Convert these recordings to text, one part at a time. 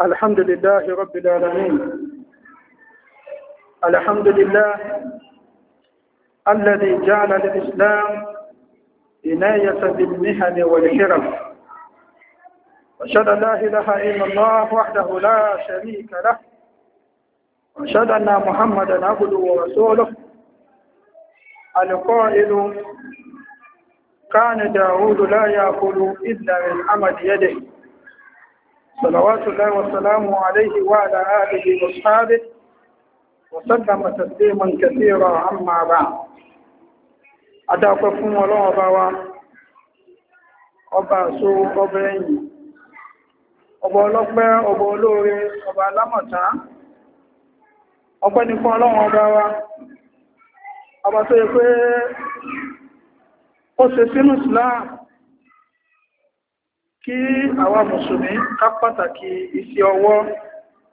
الحمد لله رب العالمين الحمد لله الذي جعل الإسلام عناية بالمهن والحرم وشهد أن لا إله إلا الله وحده لا شريك له وشهد أن محمدا عبده ورسوله القائل كان داود لا يأكل إلا من عمل يده صلوات الله وسلامه عليه وعلى آله وأصحابه وسلم تسليما كثيرا أما بعد أدعوكم الله أبوا ọba àṣò ọba ẹ̀yìn ọba ọlọ́pẹ́ ọba olóore ọba alámọ̀tá ọpẹ́ ní fún ọlọ́run ọba wa ọba tó yẹ pé ó ṣe sínú Islam kí àwa mùsùlùmí ká pàtàkì iṣẹ́ ọwọ́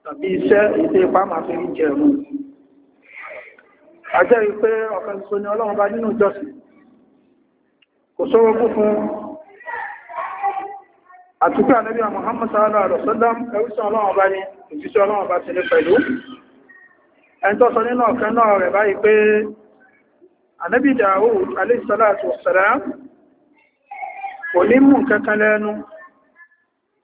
tàbí iṣẹ́ ìdé ipá máa fi jẹ ẹ̀mù àjẹ́rí pé ọ̀kan ṣoṣo ni ọlọ́run bá nínú ìjọsìn kò sọ́wọ́ kú fún àtúkà nẹ́bí Muhammad sallallahu alaihi wasallam ẹrùsàn ọlọ́run bá ní òjíṣẹ́ ọlọ́run bá ti ní pẹ̀lú ẹni tó sọ nínú ọ̀kan náà rẹ̀ báyìí pé ànẹ́bí Dawud alaihi salatu wassalam kò ní mú nǹkan kan lẹ́nu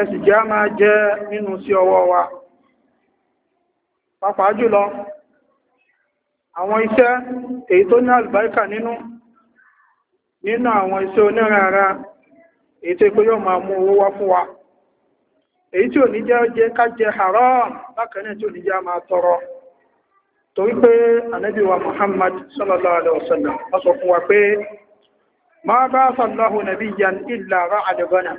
ẹsì jẹ́ máa jẹ́ nínú sí ọwọ́ wa pàápàá jùlọ àwọn iṣẹ́ èyí tó ní àlùbáríkà nínú nínú àwọn iṣẹ́ onírànra èyí tó pé yóò máa mú owó wá fún wa èyí tí ò ní jẹ́ ká jẹ haram bákan torí pé ànábì wa Muhammad sallallahu alaihi wasallam wọ́n sọ fún wa pé ma ba'atha Allahu nabiyyan illa ra'ada ghanam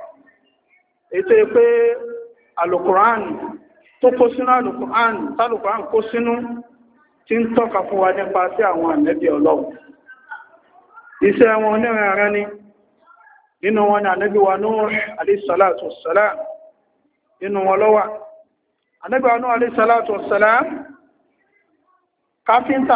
ètò pé alukuran tó kó sínú alukuran tàlukuran kó sínú tí ń tọ́ka fún wa nípa sí àwọn ànẹ́bí ọlọ́run iṣẹ́ wọn onírin ara ni nínú wọn ni ànẹ́bí wa ní alayhi nínú wọn lọ́wà wa Nuh alayhi salatu wassalam káfíńtà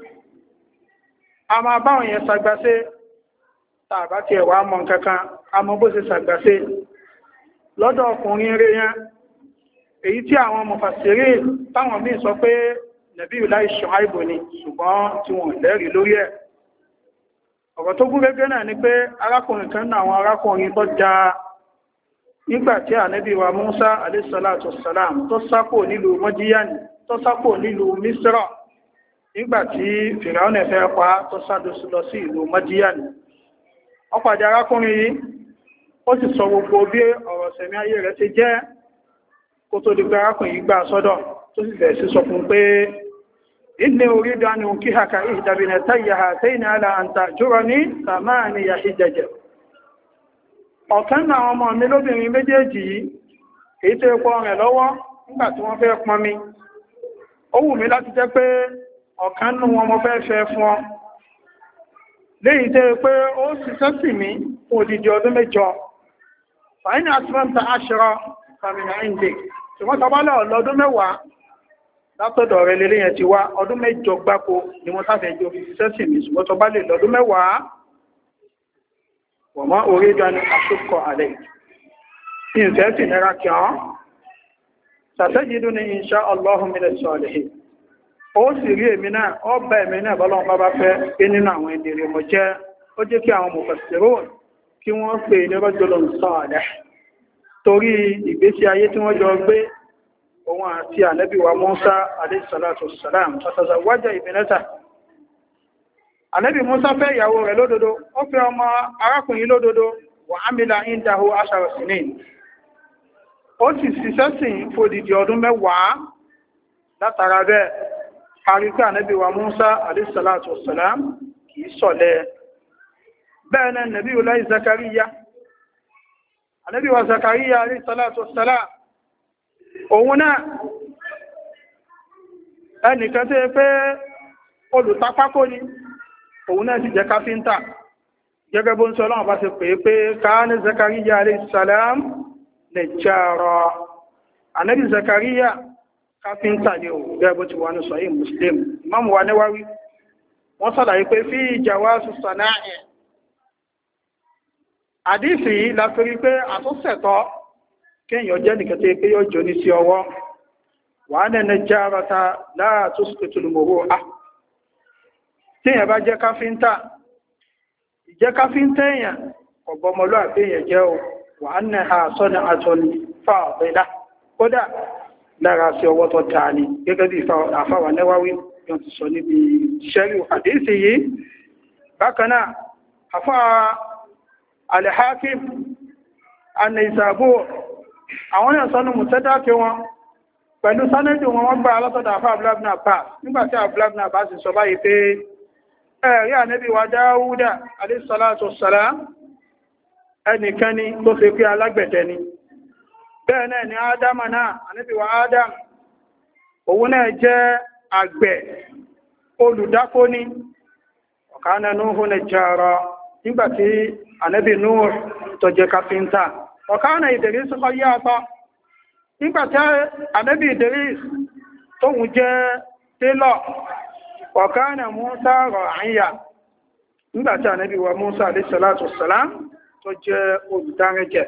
a máa báwọn yẹn sàgbàṣe tàbá ti ẹ̀wà mọ̀ kankan a mọ bó ṣe sàgbàṣe lọ́dọ̀ ọkùnrin rẹ̀ yẹn èyí tí àwọn mọ̀fàṣírí táwọn míì sọ pé nàbí ìlà ìṣàn àìbò ni ṣùgbọ́n tí wọ́n lẹ́rìí lórí ẹ̀ ọ̀rọ̀ tó gún gẹ́gẹ́ náà ni pé arákùnrin kan náà àwọn arákùnrin tó já nígbàtí ànábì wa Musa alayhi salatu tó sápò nílùú mọ́jíyàní tó sápò nílùú Misra nígbàtí fìràúnẹ̀ fẹ́ pa tó sádúsú lọ sí ìlú mọ́díyàní ó pàdé arákùnrin yìí ó sì sọ gbogbo bí ọ̀rọ̀ sẹ̀mí ayé rẹ̀ ti jẹ́ kó tó di arákùnrin yìí gbà sọ́dọ̀ tó sì bẹ̀rẹ̀ sí sọ fún pé orí dánú kí haka àtẹ́yìn àlà ọ̀kan nù wọn mo fẹ́ fẹ́ fún ọ léyìí tẹ́ pé ó ṣiṣẹ́ sí mi fún òdìdí ọdún mẹ́jọ fàáyìn àtúntà aṣọ fàmìnà ìndè ṣùgbọ́n tọ́bálẹ̀ ọ̀lọ́dún mẹ́wàá látọ̀dọ̀ rẹ̀ lélé yẹn ti wá ọdún mẹ́jọ gbáko ni wọ́n sáfẹ́ jọ fi ṣiṣẹ́ sí mi ṣùgbọ́n tọ́bálẹ̀ lọ́dún mẹ́wàá wọ̀mọ́ orí dání àṣùkọ àlẹ́ ìfẹ́ sì nira kí ṣàṣẹ́jì dún ní insha Allahu min as-salihin ó sì rí èmi náà ó bá èmi náà bọ́lọ́n bá bá fẹ́ pé nínú àwọn ènìyàn mọ̀ jẹ́ ó jẹ́ kí àwọn mọ̀fẹ̀sẹ̀rò kí wọ́n pè ní torí ìgbésí ayé tí wọ́n jọ gbé òun àti anabi wa Musa alayhi salatu wájà ìbẹ̀lẹ́ta ànábì Musa fẹ́ ìyàwó rẹ̀ lódodo ó fẹ́ ọmọ arákùnrin lódodo wà ó sì ṣiṣẹ́ sìn fòdìdì ọdún mẹ́wàá látara bẹ́ẹ̀ àríkà nẹ́bí wa Musa alìsàlátù ọ̀sàlám kìí sọ̀lẹ̀ bẹ́ẹ̀ náà nẹ́bí wa láì Zakariya nẹ́bí wa Zakariya alìsàlátù ọ̀sàlám òun náà ẹnìkan tó yẹ pé olùtapákó ni òun náà sì jẹ́ káfíńtà gẹ́gẹ́ bó ń sọ ọlọ́run bá ti pè é pé káánì Zakariya alìsàlám nìjàrọ̀ ànẹ́bí Zakariya káfíńtà ni ò gẹ́gbó ti wọnú sọ yìí muslim imam wa níwáwí wọ́n sàlàyé pé fi jawazu sana'i àdífì láfírí pé àtúnṣẹ̀tọ́ kéèyàn jẹ́ nìkẹ́tẹ́ pé yóò jọ ní sí ọwọ́ wà nẹ́nẹ́ jẹ́ arata láàtú ìtùlùmòrò bá jẹ́ jẹ́ lára sí ọwọ́ tó ta ni gẹ́gẹ́ bí àfáwà lẹ́wáwí yọ́n ti sọ níbi ṣẹ́rí àdéhìsì yìí bákan náà àfá alhakim anìsàbò àwọn èèyàn sọ́nà mùsẹ́dákẹ́ wọn pẹ̀lú sánẹ́dì wọn wọ́n gbà alọ́sọ̀dà àfá abúlábìnà bá nígbàtí abúlábìnà bá sì sọ báyìí pé ẹ̀rí ànẹ́bí wa dáúdà alẹ́sọ́lá ẹnìkan ni tó fi pé alágbẹ̀dẹ ni bẹ́ẹ̀ ni ádámà náà àníbíwá Adam, òun náà jẹ́ àgbẹ̀ olùdákóní ọ̀kánà núhù ní jẹ́rọ nígbàtí ànábì núhù tó jẹ́ káfíńtà ọ̀kánà ìdẹ̀rísù kọ́ yá apá nígbàtí ànábì ìdẹ̀rísù tóhun jẹ́ télọ̀ ọ̀kánà múta rọ̀ àyà nígbàtí ànábì wa músa tó jẹ́ olùdárinjẹ̀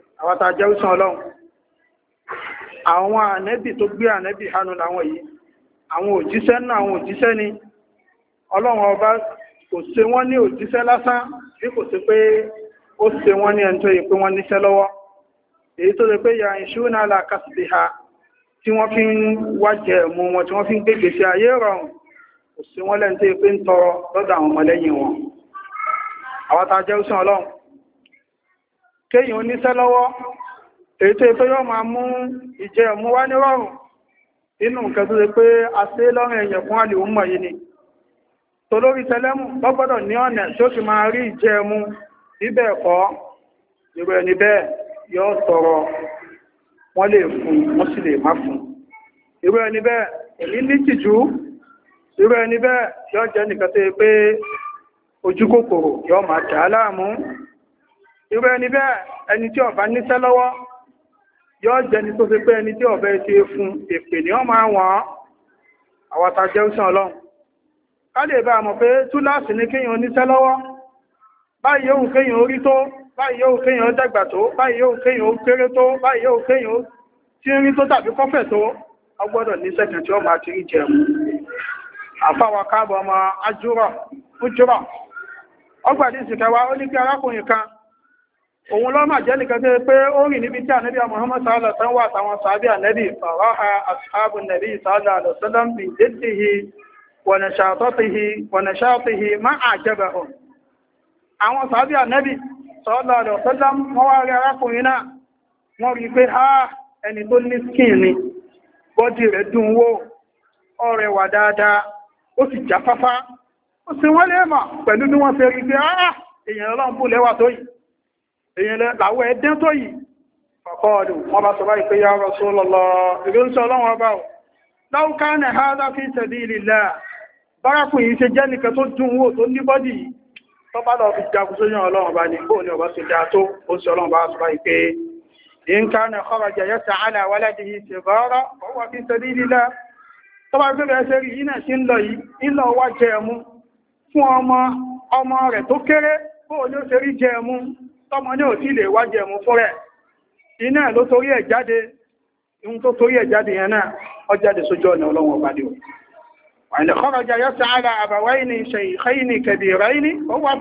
àwọn tá a jẹ́ òsàn ọlọ́run àwọn ànẹ́bì tó gbé ànẹ́bì hànú làwọn yìí àwọn òjíṣẹ́ náà àwọn òjíṣẹ́ ni ọlọ́run ọba kò ṣe wọ́n ní òjíṣẹ́ lásán bí kò ṣe pé ó ṣe wọ́n ní ẹni tó yẹ pé wọ́n níṣẹ́ lọ́wọ́ èyí tó ṣe pé ya ìṣúná alákàṣìbí ha tí wọ́n fi ń wájẹ ẹ̀mú wọn tí wọ́n fi ń gbé gbèsè ayé rọrùn kò ṣe wọ́n lẹ́ni tó yẹ pé ń tọrọ lọ́dọ̀ àwọn ọmọlẹ́yìn wọn àwọn tá jẹ́ òsàn ọlọ́run kéyìn oníṣẹ́ lọ́wọ́ ètò ètò yóò máa mú ìjẹ ọ̀mú wá ní rọrùn inú nǹkan tó ṣe pé a ṣe lọ́rùn ẹ̀yẹ̀ fún àlè òun mọ̀yí ni tolórí tẹlẹ́mù lọ́gbọ́dọ̀ ní ọ̀nà tí ó fi máa rí ìjẹ ẹmu níbẹ̀ ẹ̀kọ́ ìrọ̀ ẹni bẹ́ẹ̀ sọ̀rọ̀ wọ́n lè fún wọ́n sì lè má fún ìrọ̀ ẹni bẹ́ẹ̀ èmi ní tìjú ìrọ̀ ẹni bẹ́ẹ̀ jẹ́ nìkan tó yẹ pé ojú kòkòrò irú ẹni bẹ́ẹ̀ ẹni tí ọba níṣẹ́ lọ́wọ́ yóò jẹni tó fi pé ẹni tí ọba ti fún èpè ní ọmọ àwọn àwọ̀ta jẹ́ òṣàn ọlọ́run ká lè bá mọ̀ pé túláàsì ní kéèyàn oníṣẹ́ lọ́wọ́ báyìí yóò kéèyàn orí tó báyìí yóò kéèyàn dàgbà tó báyìí yóò kéèyàn kéré tó báyìí yóò kéèyàn tí ń rí ó máa ti rí jẹun àfáwà ọmọ ajúrọ̀ ọgbàdí ìsìnkẹwàá ó ní kí arákùnrin kan òun lọ́mà jẹ́ nìkan tẹ́ pé ó rìn níbi tí ànẹ́bí Muhammad sallallahu alaihi wa sallam sàábí ànẹ́bí fàwáhà ashabu nàbí sallallahu alaihi wa bí jẹ́tìhì wọ̀nàṣàtìhì má àjẹbẹ̀ hàn àwọn sàábí ànẹ́bí sallallahu alaihi wọ́n wá rí arákùnrin náà wọ́n rí ha eni ni èyàn làwọ̀ ẹ̀dẹ́ tó yìí fàkọ́ọ̀lù wọ́n bá sọ báyìí pé ya Rasulullah ìlú ń sọ ọlọ́run ọba ò law kana hadha fi sabilillah bárakù yìí ṣe jẹ́ nìkan tó dùn wò tó ní bọ́dì yìí tó bá lọ fi jagun sójú ọlọ́run ọba ní bóò ní ọba ṣe tọ́mọ ní òtí lè wájẹ̀ mú fún rẹ̀ iná ló torí ẹ̀ jáde ihun tó torí ẹ̀ jáde yẹn náà ọ jáde sójú ọ̀nà ọlọ́wọ̀n ọ̀bàdì ò wàlẹ̀ kọ́rọ̀jà yọ́ sí ara àbàwáìní ṣèyíkẹ́yìní kẹbìráìní ó wà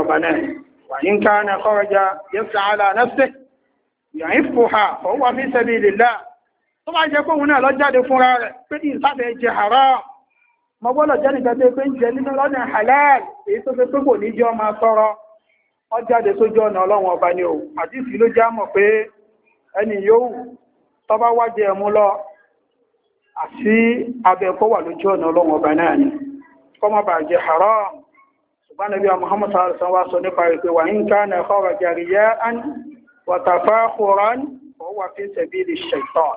ọba náà wà ní ká náà kọ́rọ̀jà yọ́ sí ara náà yàyìn fòhà ọwọ́ fi sabilillah tó bá jẹ́ kóhun náà lọ́jáde fúnra rẹ̀ pé ní ìsáfẹ́ jẹ haram mọ gbọ́dọ̀ jẹ́ nìkan tó pé ń jẹ nínú lọ́nà halal èyí tó fi pé kò ní jọ máa tọrọ ọ jáde sójú ọ̀nà ọlọ́run ọba ni o àti ìsì ló já mọ̀ pé ẹni yóò tó bá wá jẹ lọ àti abẹ́kọ́ wà lójú ọ̀nà ọlọ́run ọba náà ni kọ́ má bàa jẹ haram ṣùgbọ́n nàbí Muhammad sallallahu wá sọ nípa ìpè wà ń ká nà ẹ̀kọ́ ọ̀rọ̀ jàrìyà wàtàfáàkùrán ọwà fi tẹ̀bí lè ṣẹ̀tàn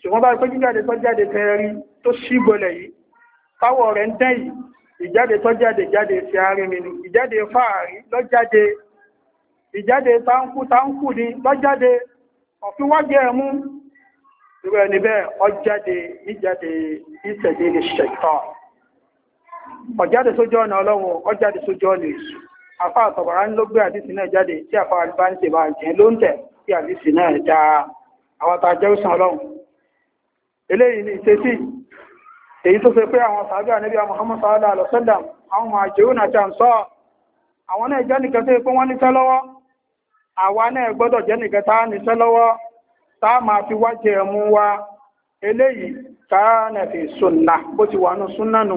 ṣùgbọ́n bá pẹ́ jíjáde tó jáde tẹ́rí tó sígbọ́lẹ̀ yìí táwọ̀ rẹ̀ ń tẹ́ yìí ìjáde tó jáde jáde fi àárín mi ni ìjáde fáàrí lọ́jáde ìjáde táǹkù táǹkù ni lọ́jáde ọ̀fin wájẹ́ ẹ̀mú irú ẹni bẹ́ẹ̀ ọjáde níjáde ìtẹ̀lé lè ṣẹ̀tàn ọjáde sójú ọ̀nà ọlọ́run ọjáde sójú ọ̀nà èṣù afa àtọ̀bọ̀rá ló gbé àdìsí náà jáde tí afa àlùbá ń tèbà jẹ́ ló ń tẹ̀ tí àdìsí náà já àwọn tá a jẹ́ òsàn ọlọ́run eléyìí ni ìṣesí èyí tó fẹ́ pé àwọn sàájú Muhammad sallallahu alaihi wasallam àwọn ọmọ àjẹ́wò náà jà ń sọ àwọn náà jẹ́ nìkan tó pé wọ́n níṣẹ́ lọ́wọ́ àwa náà gbọ́dọ̀ jẹ́ nìkan tá níṣẹ́ lọ́wọ́ tá sunna bó ti wà nù sunna nù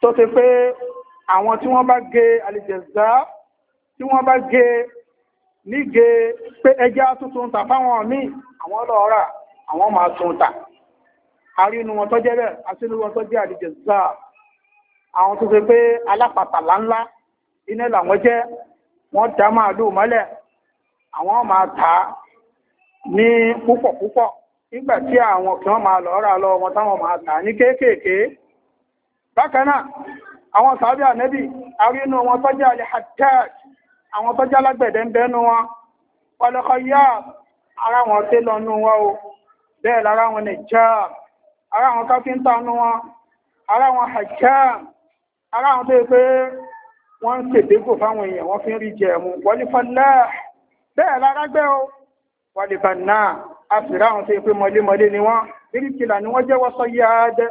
tó ti pé àwọn tí wọ́n bá gé alìjẹ̀zá tí wọ́n bá gé nígé pé ẹjá tuntun tà fáwọn míì àwọn ọlọ́ọ̀rà àwọn máa tún tà àrínú wọn tó jẹ́ bẹ́ẹ̀ àtínú wọn tó jẹ́ alìjẹ̀zá àwọn tó ti pé alápàtàlá ńlá iná làwọn jẹ́ wọ́n dá máa lù mọ́lẹ̀ àwọn máa tà ní púpọ̀ nígbà tí àwọn kí máa lọ́ọ́rà lọ wọn táwọn máa tà ní kéékèèké bákanáà àwọn sàábí ànẹ́bì arínú wọn tọ́jà alẹ́ hajjaj àwọn tọ́jà lágbẹ̀dẹ̀ ń bẹ́nu wọn pọ̀lọ́kọ̀ yá ara wọn tẹ́ lọ nú wọn o bẹ́ẹ̀ lára wọn ní já ara wọn káfíńtà nú wọn ara wọn hajjá ara wọn tó yẹ pé wọ́n ń ṣèdégò fáwọn èèyàn wọ́n fi ń rí jẹ̀mú wọlé fọlẹ́ bẹ́ẹ̀ lára gbẹ́ o wọlé bàná a sì ráwọn tó yẹ pé mọlémọlé ni wọ́n bíríkìlà ni wọ́n jẹ́wọ́ sọ yáadẹ́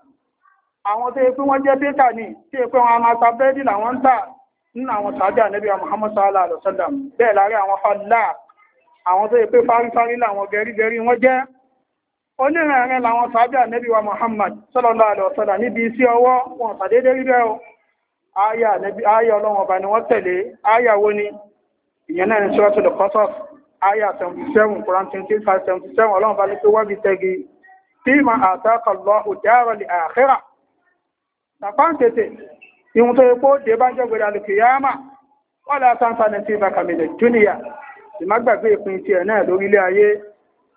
àwọn tó yẹ pé wọ́n jẹ́ bíkà ní tí yẹ pé wọn a máa ta bẹ́ẹ̀dì làwọn ń tà nínú àwọn tàbí ànẹ́bí Muhammad sallallahu alaihi wasallam bẹ́ẹ̀ láàrin àwọn fàlá àwọn tó yẹ pé fárífárí làwọn gẹ̀rígẹ̀rí wọ́n jẹ́ onírìnrìn làwọn tàbí ànẹ́bí wa Muhammad sallallahu alaihi wasallam níbi iṣẹ́ ọwọ́ wọn tàdédé rí bẹ́ẹ̀ o ayé ọlọ́wọ̀n ọba ni wọ́n tẹ̀lé ayé wo ni ìyẹn náà ní Suratul Qasas ayé 77 Quran 25 77 ọlọ́wọ̀n ọba ní pé wọ́n fi tẹ́gi tí ma àtàkà lọ́hùn dára lè àkhírà tàpá ń tètè ìhun tó epo dé bá jẹ́ gbèrè alùkìyàmà wọ́n lè sáńsá ní sí ìbákàmìlẹ̀ júnìyà sì má gbàgbé ìpín tiẹ̀ náà lórílẹ̀ ayé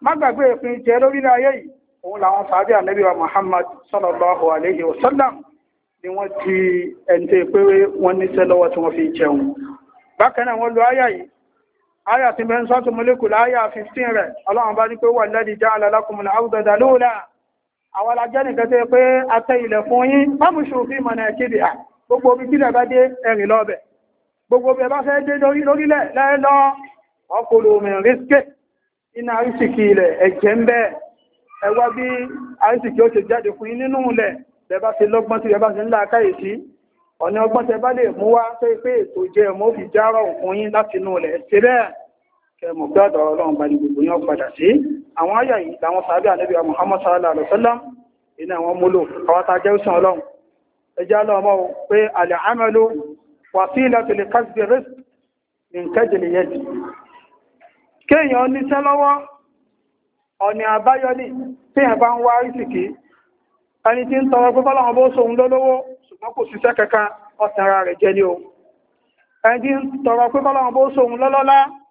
má gbàgbé ìpín tiẹ̀ lórílẹ̀ ayé yìí òun làwọn sàábì ànábì Muhammad sallallahu alayhi wa sallam ni wọ́n ti ẹni tó pé wọ́n níṣẹ́ lọ́wọ́ tí wọ́n àwọn alájẹ́ nìkan tó yẹ pé atẹ ilẹ̀ fún yín mámùsùn fi mọ̀nà ìkéde à gbogbo omi kílẹ̀ bá dé ẹ̀rìn lọ́bẹ̀ gbogbo omi bá fẹ́ dé lórílẹ̀ lẹ́lọ́ ọkùnrin omi ríṣkè iná àríṣìkì ilẹ̀ ẹ̀jẹ̀ ń bẹ́ẹ̀ ẹwà bí àríṣìkì ó ti jáde fún yín nínú ilẹ̀ bẹ́bá ti lọ́gbọ́n kẹmọ̀ pé àdọ̀rọ̀ ọlọ́run bá ní gbogbo yán padà sí àwọn àyà yìí làwọn sàábẹ̀ ànábì Muhammad sallallahu alaihi wasallam iná wọn múlò kọwàtà jẹ́ òsàn ọlọ́run ẹjá lọ́mọ́ pé al-amalu wasilatu li kasbi rizq min kajli yadi kéèyàn níṣẹ́ lọ́wọ́ ọ̀nà àbáyọlì tí ẹ̀ bá ń wá ìsìkí ẹni tí ń tọrọ pé fọ́lọ́wọ́n bó sóhun lólówó ṣùgbọ́n kò ṣiṣẹ́ kankan ọ̀tẹ̀ra rẹ̀ jẹ́ ní o ẹni tí ń tọrọ pé bó sóhun lọ́lọ́lá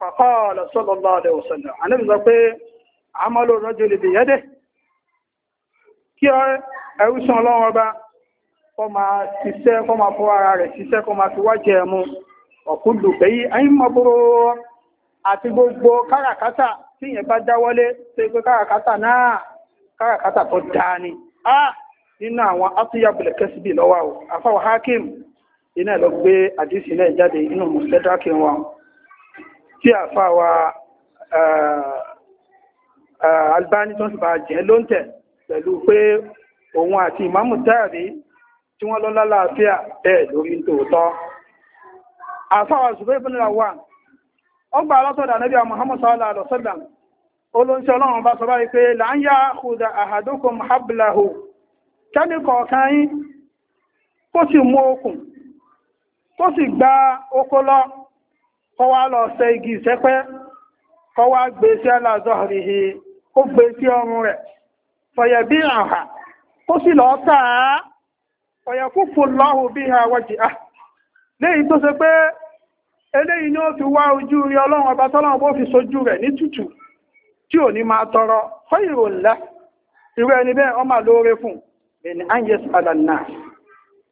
fàkọ́ọ̀lọ̀ sọ́lọ́lọ́ ọ̀dẹ̀ òṣèlú àníbi sọ pé àmọ́lò rọ́jò lè bè yẹ́dẹ̀ kí ẹrúsàn ọlọ́run ọba kọ́ máa ṣiṣẹ́ kọ́ máa fọ́ ara rẹ̀ ṣiṣẹ́ kọ́ máa fi wájẹ́ ẹmu ọ̀kúlù pẹ̀yí ayímọ̀búrú àti gbogbo káràkátà tí yẹn bá dáwọ́lé tó gbé káràkátà náà káràkátà tó dáa ni a nínú àwọn atúyàbùlẹ̀ kẹsìbì hakim iná ẹ̀ lọ gbé àdìsí náà jáde inú mùsùlẹ́dàkì tí àfáwà Albani tó sì bá jẹ́ ló ń tẹ̀ pẹ̀lú pé òun àti ìmáàmù Táàrí tí wọ́n lọ lálàáfíà bẹ́ẹ̀ lórí tòótọ́ àfáwà Zubair ibn Awwam ó gbà lọ́tọ̀dà Nábì Muhammad sallallahu kọwaa lọ igi ìṣẹ́pẹ́ kọwa gbé sí aláàzọ́rì ó rẹ̀ fọ̀yẹ̀ bí àhà ó sì lọ tàá fọ̀yẹ̀ kúfù lọ́hù bí ha àwọ̀jì à léyìn tó ṣe pé ni ó fi wá ojú rí ọlọ́run ọba tọ́lọ́run bó fi sojú rẹ̀ ní tútù tí ò ní máa tọrọ ńlá irú ẹni bẹ́ẹ̀ lóore fún ẹni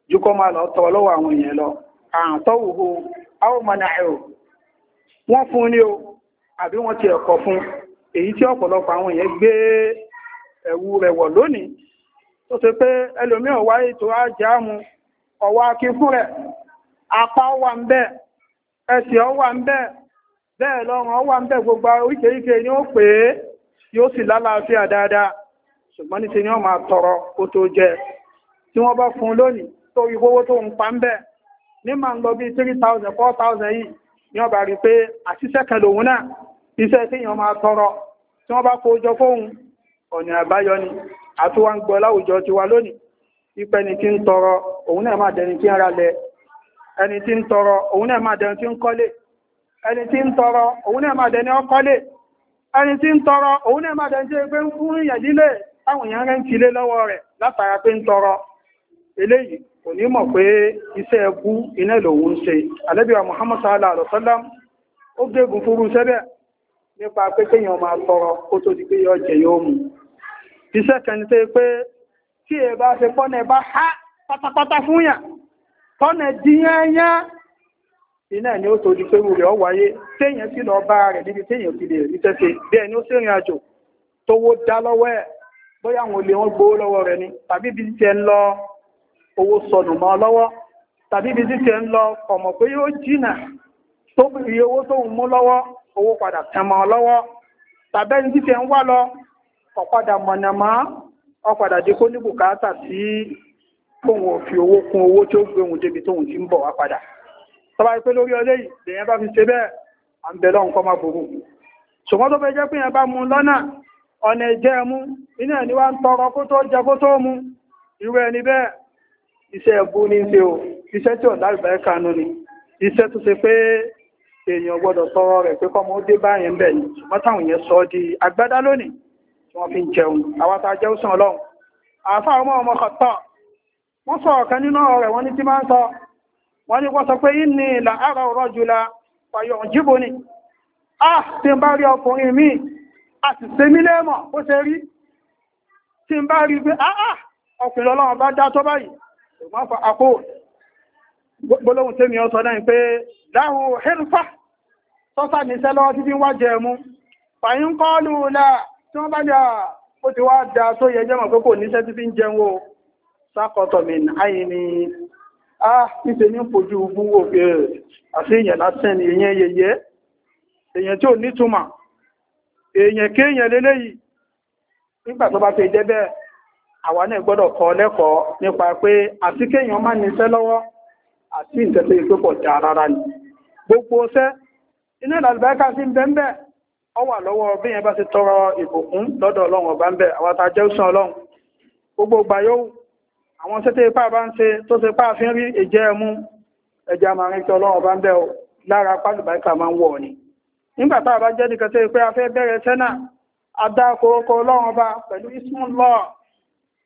jùkọ́ máa lọ tọrọ wọ́n fún ní o àbí wọ́n ti ẹ̀kọ́ fún èyí tí ọ̀pọ̀lọpọ̀ àwọn èèyàn gbé ẹ̀wù rẹ̀ wọ̀ lónìí tó ṣe pé ẹlòmíràn wá ètò ajáàmù fún rẹ̀ apá wà ń bẹ ẹsẹ̀ wà ń bẹ́ẹ̀ bẹ́ẹ̀ lọ́rùn wà ń gbogbo ni ó pè é yóò sì lálàáfíà dáadáa ṣùgbọ́n ní ti ni wọ́n máa tọrọ kó tó jẹ tí wọ́n bá fún ní ní ọba rí pé àṣìṣẹ́ kan náà iṣẹ́ tí èèyàn máa tọrọ tí wọ́n bá kó jọ fóun ọ̀nà àbáyọ ni àti wá ń gbọ́ láwùjọ lónìí ipẹ́ ni tí ń tọrọ òun náà máa dẹni tí ń ralẹ̀ ẹni tí ń tọrọ òun náà máa dẹni tí ń kọ́lé ẹni tí ń tọrọ òun náà máa dẹni ọkọ́lé ẹni tí ń tọrọ òun náà máa dẹni tí ó gbé ń fún ìyẹ̀dílé táwọn kò ní mọ̀ pé iṣẹ́ ẹkú iná lòun ṣe alẹ́bíwá muhammad sallallahu alaihi wasallam ó gbégun fúrú sẹ́bẹ̀ nípa pé kéèyàn máa tọrọ kó tó di pé yọ jẹ yóò mú iṣẹ́ kan ní pé tí ẹ bá ṣe pọ́nà bá há pátápátá fún yàn tọ́nà díyányá iná ni ó tó di pé rúrẹ̀ ọ wáyé téèyàn sì lọ bá rẹ̀ níbi téèyàn ti lè rí tẹ́sẹ̀ bí ẹni ó sì rìn àjò tówó dá lọ́wọ́ ẹ̀ bóyá àwọn olè wọn gbowó lọ́wọ́ rẹ̀ ni tàbí bí ti ẹ ń lọ owó sọnù mọ́ lọ́wọ́ tàbí ibi títí ń lọ ọmọ pé yóò jìnà tó iye owó tó ń mú lọ́wọ́ owó padà tẹmọ lọ́wọ́ tàbẹ́ni títí ń wá lọ ọ̀padà mọ̀nàmọ́ ọ̀padà di kó ní bùkátà sí owó kún owó tí débi ń bọ̀ wá padà tọ́ba pé lórí yìí bá fi ṣe bẹ́ẹ̀ à ń iṣẹ́ ẹbú ní ṣe o iṣẹ́ tí ọ̀dá ìbáyé kanú ni iṣẹ́ tó ṣe pé èèyàn gbọ́dọ̀ sọ̀rọ̀ rẹ̀ pé kọ́mọ ó dé báyẹn ń bẹ̀ ni ṣùgbọ́n táwọn yẹn sọ di agbádá lónìí tí wọ́n fi ń jẹun àwọn tá a jẹ́ òsàn ọlọ́run àfa ọmọ ọmọ kọ̀tọ̀ wọ́n sọ ọ̀kan nínú rẹ̀ wọ́n ní tí máa ń sọ wọ́n ní wọ́n sọ pé yín ni ìlà àrà ọ̀rọ̀ jùlá fàyọ̀ jíbo ni a ah, ti ń bá rí ọkùnrin míì a sì ṣe mí lẹ́mọ̀ ó ṣe rí tí ń bá rí pé ah, ah, ọkùnrin ọlọ́run bá dá tó báyìí ṣùgbọ́n fa akó gbólóhùn tèmi ọ sọ náà pé dáhùn hírfà sọ́sà níṣẹ́ lọ́wọ́ títí wá jẹ mú fàyín kọ́ọ̀lù là tí wọ́n bá jà ó ti wá da tó yẹ jẹ́mọ̀ pé kò níṣẹ́ títí ń jẹun o sákọ̀tọ̀ mi náà ni a níṣe ní fojú búwò pé àti èèyàn lásán ni èèyàn yẹyẹ èèyàn tí ò nítumọ̀ èèyàn kéèyàn lélẹ́yìí nígbà tó bá ti jẹ́ bẹ́ẹ̀ àwa náà gbọ́dọ̀ kọ́ lẹ́kọ̀ọ́ nípa pé àti kéèyàn má ní iṣẹ́ lọ́wọ́ àti nǹkan tó ni gbogbo iṣẹ́ iná ìlàlùbáríkà sí ń ọ wà lọ́wọ́ bí yẹn bá ti tọrọ ìbùkún lọ́dọ̀ ọlọ́run ọba ń bẹ̀ àwọn gbogbo ìgbà yóò àwọn ipá bá ń ṣe tó fi rí ìjẹ́ ẹmú ẹja máa tí ọlọ́run ń bẹ̀ lára pálùbáríkà máa ń wọ̀ ni nígbà bá jẹ́ nìkan pé ọba pẹ̀lú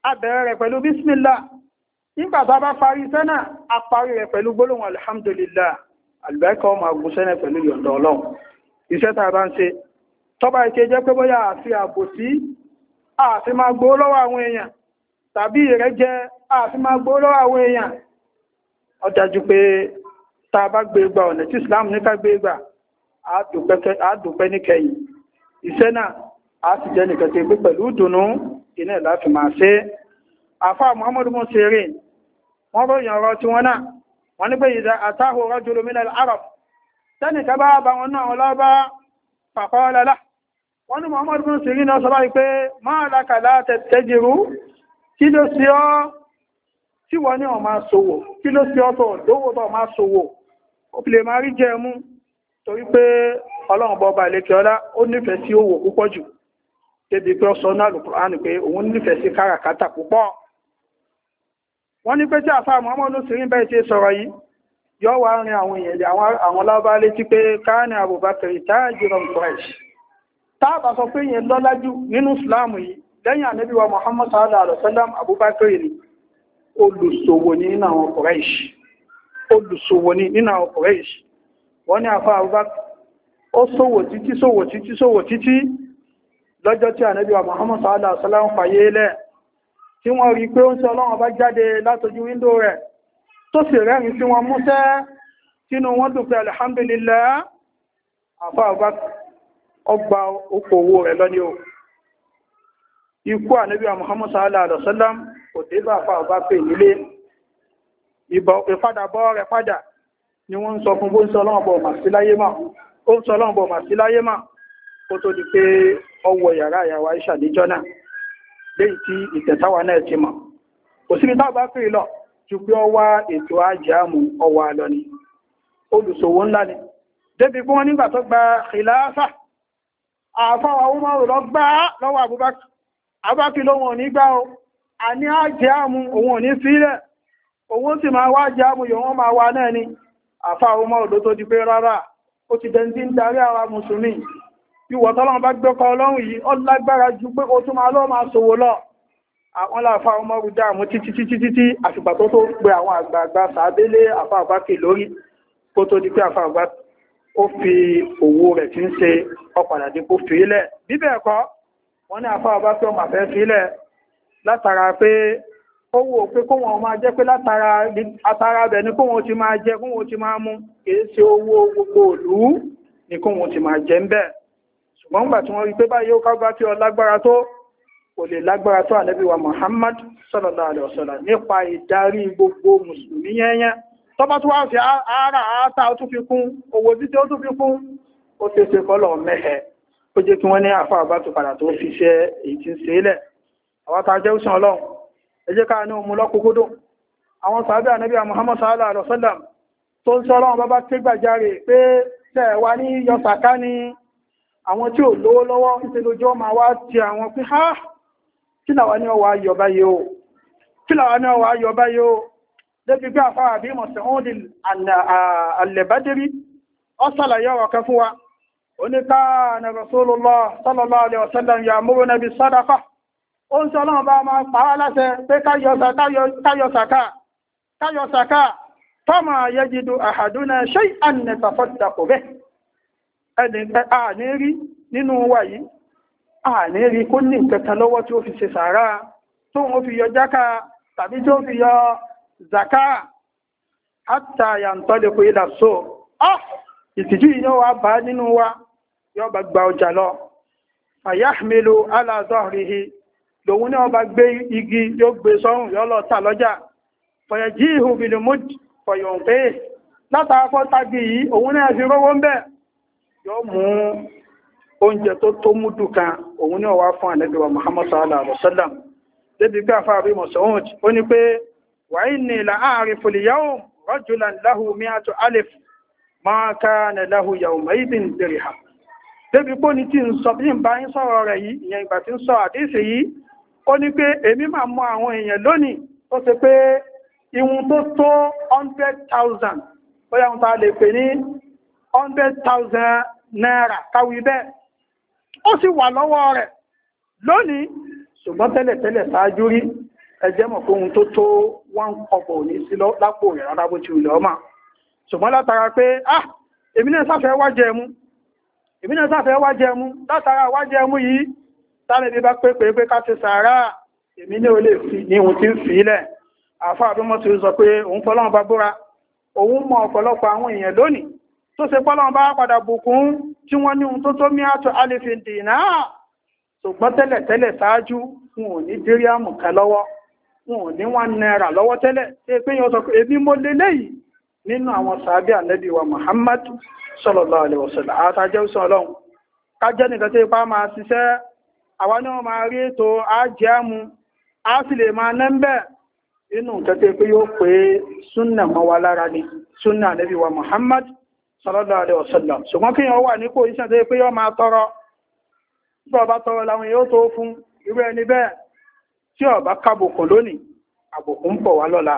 a bẹ̀rẹ̀ rẹ̀ pẹ̀lú bismillah nígbà tá a bá parí iṣẹ́ náà a parí rẹ̀ pẹ̀lú gbólóhùn alhamdulillah àlùbáríkà ọmọ àgùnṣẹ́ náà pẹ̀lú yọ̀ǹda ọlọ́run iṣẹ́ tá a bá ń ṣe tọ́ba ìṣe jẹ́ pé bóyá àfi àbò sí àfi máa gbó lọ́wọ́ àwọn èèyàn tàbí ìrẹ́ jẹ́ àfi máa gbó lọ́wọ́ àwọn a sì jẹ́ nìkan pé pẹ̀lú ìdùnnú iná láti máa ṣe àfá muhammadu musiri wọ́n ròyìn ọ̀rọ̀ tí wọ́n náà wọ́n ní pé ìdá àtàhù rajulu minal arab tẹ́nì kẹbá bá wọn náà ọlọ́bá fàkọ́ọ́lẹ́lá wọ́n ní muhammadu musiri náà sọ báyìí pé máa lákàlá tẹ́jìrú kí ló sí ọ́ tí wọ́n ní ọmọ ṣòwò kí ló sí ọ́tọ̀ lówó tó ọmọ ṣòwò ó fi lè máa rí jẹ́ mú torí pé ọlọ́run bọba àlékẹ́ ọlá ó nífẹ̀ẹ́ sí òwò púpọ̀ jù débi pé ó sọ náà lùkùránì pé òun nífẹ̀ẹ́ sí káràkátà púpọ̀ wọ́n ní pé tí àfa Muhammadu Sirin bẹ́ẹ̀ ṣe sọ̀rọ̀ yìí yọ wá rin àwọn èèyàn lè àwọn lábá létí pé káàní Abubakar tajiran Quraysh táàbà sọ pé yẹn lọ́lájú nínú Islam yìí lẹ́yìn ànábì wa Muhammad sallallahu alaihi wasallam Abubakar ni olùṣòwò ní nínú àwọn Quraysh olùṣòwò ní nínú àwọn Quraysh wọ́n ní àfa Abubakar ó ṣòwò títí ṣòwò títí ṣòwò títí lọ́jọ́ tí ànábì wa Muhammad sallallahu alaihi wasallam fàyé lẹ̀ tí wọ́n rí pé ó ń sọ ọlọ́run bá jáde látojú wíńdò rẹ̀ tó sì rẹ́rìn sí wọn músẹ́ tínú wọn dùn pé alhamdulillah àfà ọgbà okòwò rẹ̀ lọ́ni Muhammad sallallahu alaihi wasallam kò dé bá àfà ọgbà pè nílé ìpadàbọ̀ rẹ̀ padà ni wọ́n ń sọ fún bó ó tó di pé ọwọ́ yàrá ìyàwó Aisha níjọ́ náà léyìí tí ìtẹ̀táwa náà ti mọ̀ kò síbi tá a bá kiri lọ ju pé ọ wá ètò ajáàmù ọwọ́ àlọ́ ni olùṣòwò ńlá ni débi pé wọ́n nígbà tó gba ìlàáfà àfáwà Umaru lọ gbá lọ́wọ́ Abubakar Abubakar lóhun ò ní gbá o a ní ajáàmù òun ò ní sílẹ̀ òun sì máa tó di pé rárá ó ti dẹ́ndín darí àwa mùsùlùmí ìwọ̀ tọ́lọ́run bá gbọ́kọ ọlọ́run yìí ó lágbára ju pé o tún máa lọ́ máa ṣòwò lọ àwọn láàfà ọmọ rúdá àmú títí títí títí àfìgbà tó tó pe àwọn àgbààgbà sàábélé àfààgbà kè lórí kó tó di pé àfààgbà ó fi òwò rẹ̀ tí ń ṣe ọ̀padà dípò fìílẹ̀ bíbẹ̀ ẹ̀kọ́ wọ́n ní àfààgbà tí ọmọ àfẹ́ fìílẹ̀ látara pé ó wò pé kó wọn máa jẹ́ pé látara atara bẹ̀ ni kó wọn ti máa jẹ kó wọn ti máa mú kìí ṣe owó gbogbo òlú ni kó wọn ti máa jẹ ń bẹ́ẹ̀ ṣùgbọ́n gbà tí wọ́n rí pé báyìí ó kágbá tí ọ lágbára tó kò lè lágbára tó ànábì Muhammad sallallahu alaihi wasallam nípa ìdarí gbogbo mùsùlùmí yẹnyẹn tó bá tún wá fi ara àátá ó tún fi kún owó títí ó tún fi kún ó ti ṣe kọ́lọ̀ mẹ́hẹ̀ ó jẹ́ kí wọ́n ní àfa àbátú padà tó fi ṣe Muhammad sallallahu alaihi wasallam tó ń sọ ọlọ́run bá bá tẹ́gbàjáre àwọn tí ò lówó lọ́wọ́ ìṣe lójú ọmọ wá ti àwọn pé ha kí làwa ní ọwọ́ ayọ̀ báyìí o kí làwa ní ọwọ́ ayọ̀ báyìí o débi pé àfáà bí mọ̀sẹ̀ ó di àlẹ̀bádérí ọ sàlàyé ọ̀rọ̀ kan fún wa ó ní káàna rasulullah sallallahu alaihi wasallam ya múrò nabi sadaqa ó ń sọ náà bá àní rí nínú wa yìí àní rí kó ní ìkẹta lọ́wọ́ tí ó fi ṣe sàárà tó ń fi yọ jáka tàbí tí ó fi yọ zaka àtà yàntọ́lẹ̀ kò ìlà so ìtìjú yóò wá bá nínú wa yóò igi yóò gbé sọ́rùn yóò lọ tà lọ́jà fọ̀yẹ̀jí ìhùbìlìmọ́d fọ̀yọ̀ǹpé látàkọ́ tagi yìí òun náà fi rówó ń bẹ́ẹ̀ yóò mú oúnjẹ tó tó múdù kan òun ní ọwá fún àlẹ́bíwà Muhammad sallallahu alaihi wasallam débi pé àfáà bí mọ̀sán ó ní pé wà ní ìlà ààrin fòlìyàwó rajulan lahu mi'atu alif ma kana lahu yawmaidin dirham débi pó ní tí ń sọ bí n bá ń sọ̀rọ̀ rẹ̀ yìí ìyẹn ìgbà tí ń sọ àdíṣe yìí ó ní pé èmi máa mọ àwọn èèyàn lónìí tó ṣe pé ìwọ̀n tó tó 100,000 bóyá ń ta lè pè ní 100,000 náírà káwí bẹ́ẹ̀ ó sì wà lọ́wọ́ rẹ̀ lónìí ṣùgbọ́n tẹ́lẹ̀tẹ́lẹ̀ ṣáájú rí ẹjẹ́ mọ̀ pé ohun tó tó wọ́n ọkọ̀ òní sí lápò rẹ̀ rárá ti wùlẹ̀ ọmọ ṣùgbọ́n látara pé ah èmi náà sáfẹ́ wá jẹ mú èmi náà sáfẹ́ wá jẹ mú látara wá jẹ mú yìí tálẹ̀ bí bá pé pé pé ká ti sàárà èmi ní o lè fi ní ohun tí ń fi ilẹ̀ àfáà bí wọ́n ti sọ pé òun fọlọ́run bá búra òun mọ ọ̀pọ̀lọpọ̀ àwọn èèyàn lónìí tó ṣe pọ́lọ́n bá padà bùkún tí wọ́n ní ohun tó tó mí àtọ̀ alifin dìínà ṣùgbọ́n tẹ́lẹ̀ tẹ́lẹ̀ ṣáájú wọn ò ní díríàmù kan lọ́wọ́ wọn ò ní wọn náírà lọ́wọ́ tẹ́lẹ̀ ṣe pé yóò sọ pé èmi mo lé nínú àwọn sàábì ànábì Muhammad sallallahu alaihi wasallam àtàjẹ́ òsàn ọlọ́run kájẹ́ nìkan tó ipá máa ṣiṣẹ́ àwa náà máa rí ètò ájẹ́mú á sì lè wa Muhammad sallallahu alaihi wasallam ṣùgbọ́n kí wọ́n wà ní kò iṣẹ́ tó yẹ pé yọ́ máa tọrọ tí ọba tọrọ láwọn yóò tó fún irú ẹni bẹ́ẹ̀ tí ọba kábùkùn lónìí àbùkùn pọ̀ wá lọ́la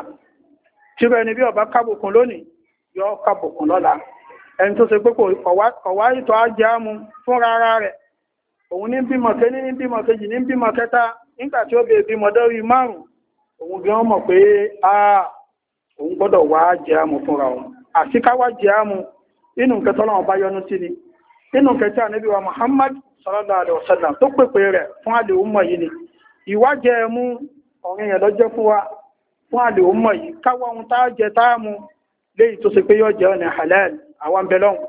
tí irú ẹni bí ọba kábùkùn lónìí yọ́ kábùkùn lọ́la ẹni tó ṣe pé kọ̀wá ìtọ́ ajé ámú inú nǹkan tọ́lọ́ ọba yọ́nú sí ni inú nǹkan tí ànábì wa Muhammad sallallahu alaihi wasallam tó pèpè rẹ̀ fún àlè òmọ̀ yìí ni ìwájẹ mú ọ̀rin yẹn fún wa fún àlè òmọ̀ yìí káwọ́ ohun tá jẹ táàmù léyìí tó ṣe pé yóò jẹ ọ̀nà halal àwọn belong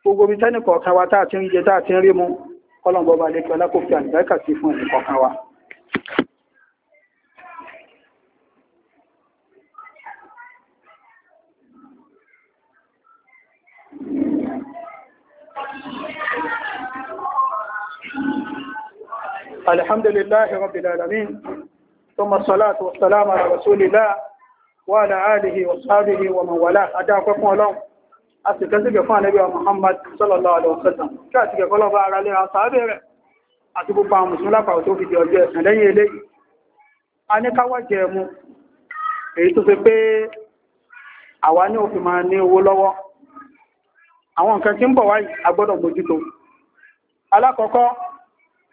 gbogbo ibi tẹ́nì kọ̀ọ̀kan wa táà ti ń mu kọ́lọ̀ bọ́ba lè kí ọlá kò fi àlùbáríkà الحمد لله رب العالمين ثم الصلاة والسلام على رسول الله وعلى آله وصحبه ومن والاه أدعوكم الله أتكذب فان محمد صلى الله عليه وسلم كاتب قال على أصحابه àti gbogbo àwọn mùsùlùmí lápá òtó fìdí ọjọ́ ẹ̀sìn lẹ́yìn eléyìí a ní káwọ́ jẹ ẹmu èyí tó fi pé àwa ní òfin máa ní owó lọ́wọ́ àwọn nǹkan tí ń bọ̀ wáyìí a gbọ́dọ̀ mójútó alákọ̀ọ́kọ́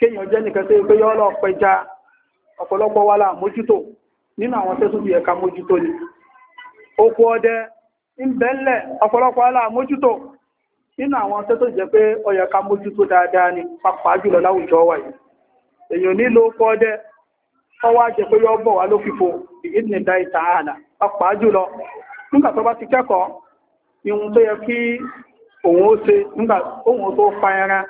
kéèyàn jẹ́ nìkan tó pé yọ́lọ́ ọpọlọpọ ọ̀pọ̀lọpọ̀ wà láà mójútó nínú àwọn tẹ́sùn bí ẹ̀ka mójútó ni okú ọdẹ ń bẹ́ẹ̀lẹ̀ ọ̀pọ̀lọpọ̀ wà láà mójútó nínú àwọn tẹ́sùn jẹ́ pé mójútó dáadáa ni pàápàá jùlọ láwùjọ wà yìí èèyàn nílò okú ọdẹ ọwọ́ àjẹ́ pé yọ́ bọ̀ wá ló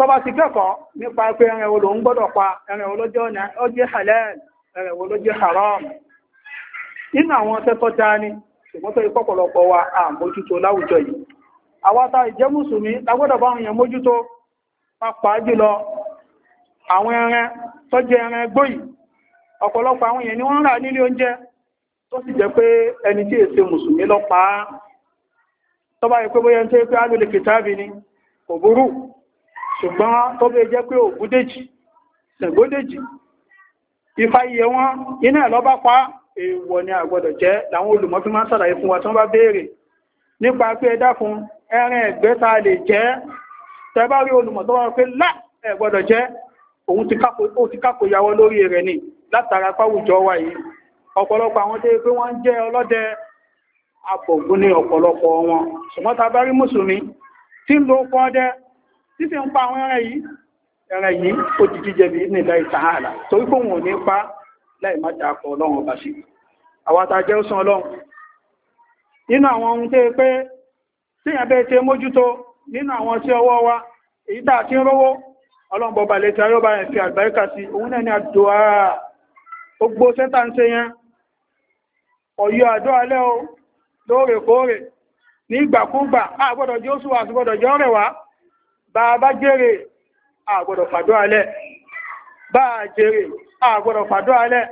tọba ti kẹ́kọ̀ọ́ nípa pé ẹran olóhun gbọ́dọ̀ pa ẹran olójẹ́ ọ̀nà ọjẹ́ halal ẹran olójẹ́ haram nínú àwọn tẹ́tọ́ já ní tó ìpọ̀pọ̀lọpọ̀ wa à mójútó láwùjọ yìí àwátá ìjẹ́ mùsùlùmí lágbọ́dọ̀ bá wọn yẹn mójútó jùlọ àwọn ẹran tó jẹ ẹran ẹgbó yìí ọ̀pọ̀lọpọ̀ àwọn ni wọ́n rà nílé oúnjẹ tó sì jẹ́ pé ẹni tí mùsùlùmí lọ pa á ṣùgbọ́n tó bẹ́ jẹ́ pé ògúdéjì ṣẹ̀gbódéjì ifá iye wọn iná ẹ̀ lọ́bá pa èèwọ̀ ni àgbọ̀dọ̀ jẹ́ láwọn olùmọ̀ fi máa sàlàyé fún wa tí wọ́n bá béèrè nípa pé ẹ dákun ẹran ẹ̀gbẹ́ ta lè jẹ́ tẹ́ bá rí olùmọ̀ tó bá pé lá ẹ gbọ́dọ̀ jẹ́ òun ti kákò yàwó lórí rẹ̀ ni látara páwùjọ wa yìí ọ̀pọ̀lọpọ̀ àwọn tẹ́ pé wọ́n jẹ́ ọlọ́dẹ abọ̀gún ní ọ̀pọ̀lọpọ̀ wọn ṣùgbọ́n ta bá rí mùsùlùmí tí ń lo ọkọ̀ ọdẹ títí ń pa àwọn ẹran yìí ẹran yìí ó ti jíjẹ bí ní ìlà ìtàhàlà torí pé òun ò ní pa láì má jà pọ̀ ọlọ́run ọba sí àwọn àtàjẹ́ ó san ọlọ́run nínú àwọn ohun tó pé tí ìyàn bẹ́ẹ̀ ti mójútó nínú àwọn tí ọwọ́ wa èyí tàà tí ń rówó ọlọ́run bọba lè ti ayọ́bá ẹ̀ fi àgbáríkà sí òun náà ni àdúà gbogbo sẹ́tà ń ṣe yẹn ọ̀yọ́ àdó alẹ́ o lóòrèkóòrè ní ìgbàkúgbà àgbọ́dọ̀ jẹ́ oṣù àti gbọ́dọ̀ jẹ́ ọ̀rẹ̀ wá bá a bá jèrè àgbọ̀dọ̀ fàdó alẹ́ bá a jèrè àgbọ̀dọ̀ fàdó alẹ́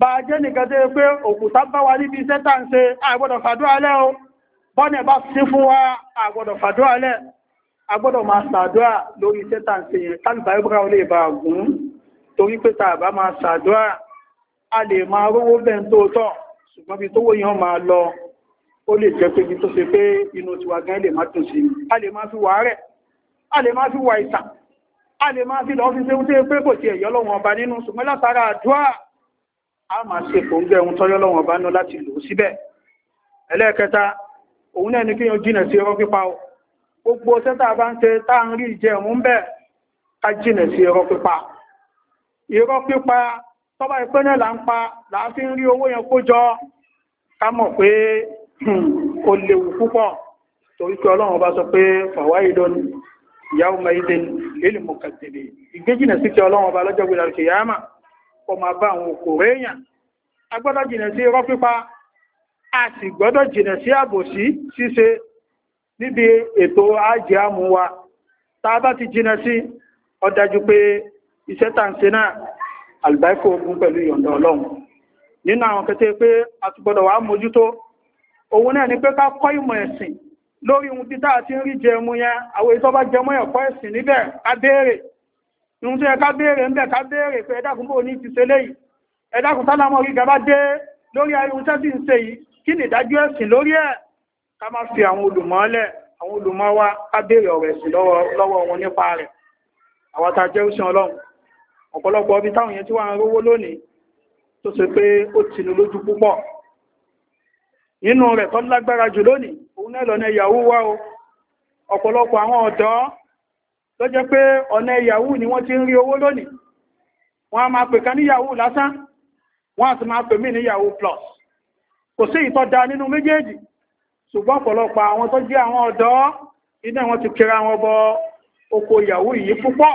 bá a jẹ́ nìkan tó pé òkúta bá wa níbi iṣẹ́ tà ṣe àgbọ̀dọ̀ fàdó alẹ́ o bọ́nẹ̀ bá sí fún wa àgbọ̀dọ̀ fàdó alẹ́ agbọ́dọ̀ máa sàdúrà lórí iṣẹ́ tà ń ṣe yẹn tálùbà ìbúra olè bá gùn torí pé tàbá máa sàdúrà a lè máa rówó bẹ́ẹ̀ tó tọ́ ṣùgbọ́n bí máa lọ ó lè jẹ́ pé bí tó ṣe pé inú tiwa lè má tún sí a lè máa fi wàárẹ̀ a lè máa fi wà ìsà a lè máa fi lọ fi ṣeun pé kò ti ẹ̀yọ́ lọ́wọ́n ọba nínú ṣùgbọ́n látara àdúrà a máa ṣe kòǹgẹ́ ohun tọ́yọ́ lọ́wọ́n ọba nú láti lò síbẹ̀ ẹlẹ́ẹ̀kẹta òun náà ni kí yan jìnà sí ẹrọ pípa o gbogbo sẹ́tà bá ń ṣe tá ń rí ìjẹ òun bẹ́ẹ̀ ká jìnà sí ẹrọ pípa ìrọ pípa tọ́ba ìpẹ́ náà là ń pa làá fi ń rí owó yẹn kó jọ ká mọ̀ pé hmm, ó léwu púpọ̀ torí pé ọlọ́run bá sọ pé fàwáyé lónìí ìyáwó ma ilé ilé mọ̀ kàtẹ̀lẹ̀ ìgbéjìnà sí kí ọlọ́run ọba lọ́jọ́ gbéra ṣe yáàmà kọ ma bá àwọn òkò rèèyàn a gbọ́dọ̀ jìnà sí irọ́ pípa a sì gbọ́dọ̀ jìnà sí àbòsí ṣíṣe níbi ètò ajé àmú wa tá a bá ti jìnà sí ó dájú pé iṣẹ́ tàǹsẹ̀ náà àlùbáíkò ogun pẹ̀lú ìyọ̀ǹda ọlọ́run lórí ohun títà àti ń rí jẹmu yẹn àwọn èyí tó bá jẹmọ́ ẹ̀kọ́ ẹ̀sìn níbẹ̀ ká béèrè ohun tó yẹ ká béèrè ń bẹ̀ ká béèrè pé ẹ̀dàkùn bò ní ti ṣe léyìí ẹ̀dàkùn sálámọ̀ rí gaba dé lórí ayéhun tẹ́ sì ń ṣe yìí kí ni ìdájọ́ ẹ̀sìn lórí ẹ̀ ká má fi àwọn olùmọ́lẹ̀ àwọn olùmọ́ wa ká béèrè ọ̀rọ̀ wọn nípa rẹ̀ àwọn tá a jẹ́ òṣìṣẹ́ ọlọ́run ọ̀pọ̀lọpọ̀ ibi táwọn yẹn tí wọ́n ń rówó lónìí tó ṣe pé ó tinú lójú púpọ̀ nínú rẹ̀ tó lágbára jù lónìí òun náà lọ́nà ìyàwó wá o ọ̀pọ̀lọpọ̀ àwọn ọ̀dọ́ tó jẹ́ pé ọ̀nà ìyàwó ni wọ́n ti ń rí owó lónìí wọ́n a máa pè kan níyàwó lásán wọ́n a sì máa pè mí níyàwó plus kò sí ìtọ́ da nínú méjèèjì ṣùgbọ́n ọ̀pọ̀lọpọ̀ àwọn tó jẹ́ àwọn ọ̀dọ́ iná wọn ti kira wọn bọ oko ìyàwó yìí púpọ̀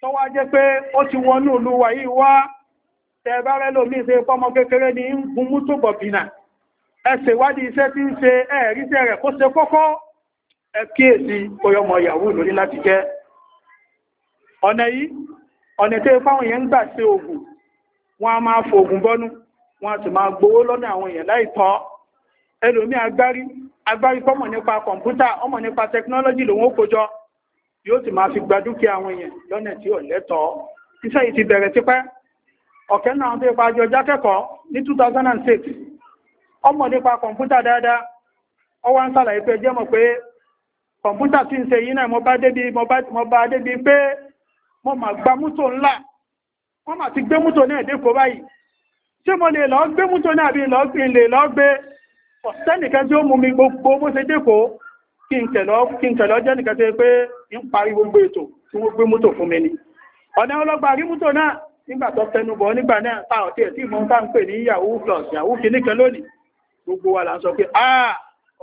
tó wá jẹ́ pé ó ti wọnú ìlú wa yìí wá tẹ̀bárẹ́ lómi ṣe fọ́mọ kékeré ní gúnmú tó bọ̀bìnà ẹsẹ̀ ìwádìí iṣẹ́ tí ń ṣe ẹ̀ẹ́ríṣẹ́ rẹ̀ kó ṣe kókó ẹ kíyèsí oyọmọ yahoo lórí láti jẹ́ ọ̀nà yìí ọ̀nà tí fáwọn èèyàn ń gbà ṣe oògùn wọn a máa fò oògùn bọ́nú wọn a sì máa gbowó lọ́nà àwọn èèyàn láìtọ́ ẹlòmí agbárí agbárí kọ́mọ̀ nípa kọ̀ǹpútà ọmọ nípa tẹkinọ́lọ́jì lòun ó kójọ yóò sì máa fi gba dúkìá àwọn èèyàn lọ́nà tí ò lẹ́tọ̀ọ́ iṣẹ́ yìí ti bẹ̀rẹ̀ tipẹ́ ọ̀kẹ́ náà tó ipa àjọ jákẹ́kọ̀ọ́ ní 2006 ọmọ nípa kọ̀mpútà dáadáa ọ wá ń sàlàyé pé jẹ́ mọ̀ pé kọ̀mpútà tí ń ṣe yìí náà mo bá débi pé mo mà gba mútò ńlá wọ́n mà ti gbé mútò náà dépò báyìí ṣé mo lè lọ gbé mútò náà bí lọ́gbìn lè lọ gbé ọ̀sẹ́nìkan tí ó mú mi gbogbo bó ṣe dépò kí n tẹ̀lọ́ jẹ́ nìkan tó pé ń parí gbogbo ètò tí wọ́n gbé mútò fún mi ni ọ̀nà ọlọ́gbà rí mútò náà nígbà tó tẹnubọ̀ nígbà náà táà ọ̀tí ẹ̀ tí mo ń ká ń pè ní yahoo plus yahoo kìíní kan lónìí gbogbo wa là ń sọ pé àà ah,